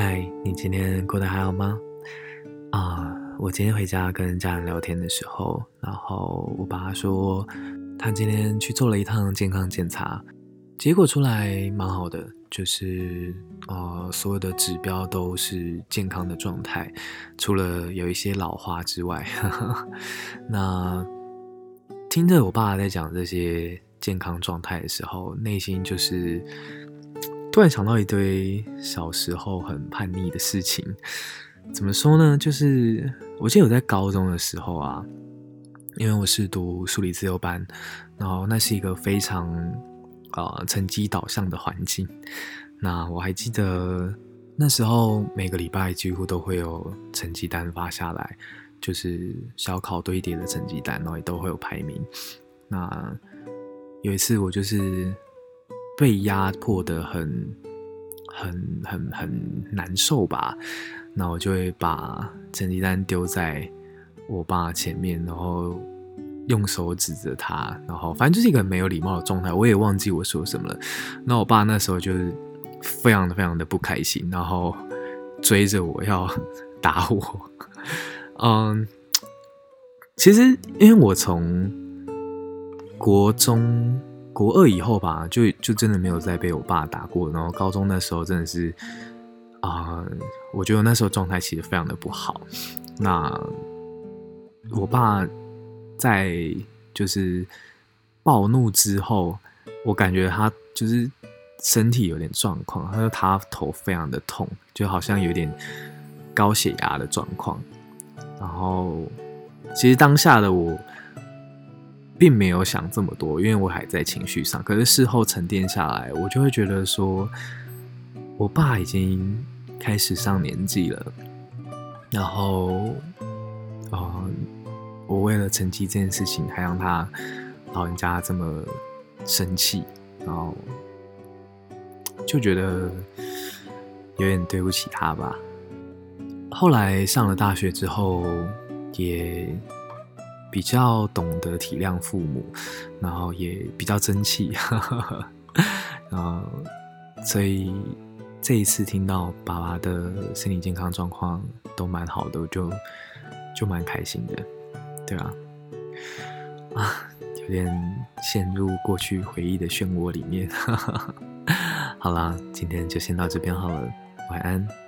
嗨，你今天過得還好嗎？啊、uh,，我今天回家跟家人聊天的時候，然後我爸說他今天去做了一趟健康檢查，結果出來蠻好的，就是呃、uh, 所有的指標都是健康的狀態，除了有一些老花之外。 那聽着我爸在講這些健康狀態的時候，內心就是。突然想到一堆小時候很叛逆的事情，怎麼說呢？就是我記得我在高中的時候啊，因為我是讀數理自由班，然後那是一個非常呃成績導向的環境。那我還記得那時候每個禮拜幾乎都會有成績單發下來，就是小考堆疊的成績單，然後也都會有排名。那有一次我就是。被壓迫的很、很、很、很難受吧？那我就會把成績單丟在我爸前面，然後用手指着他，然後反正就是一個沒有禮貌的狀態。我也忘記我說什麼了。那我爸那時候就是非常非常的不開心，然後追着我要打我。嗯，其實因為我從國中。國二以後吧，就就真的沒有再被我爸打過。然後高中那時候真的是，啊、呃，我覺得那時候狀態其實非常的不好。那我爸在就是暴怒之後，我感覺他就是身體有點狀況，他說他頭非常的痛，就好像有點高血壓的狀況。然後其實當下的我。並沒有想這麼多，因為我還在情緒上。可是事後沉澱下來，我就會覺得說，我爸已經開始上年紀了，然後，呃、哦，我為了成績這件事情，還讓他老人家這麼生氣，然後就覺得有點對不起他吧。後來上了大學之後，也。比較懂得體諒父母，然後也比較爭氣， 然後所以這一次聽到爸爸的身體健康狀況都蠻好的，就就蠻開心的，對啊。啊， 有點陷入過去回憶的漩渦裡面。 好啦，今天就先到這邊好了，晚安。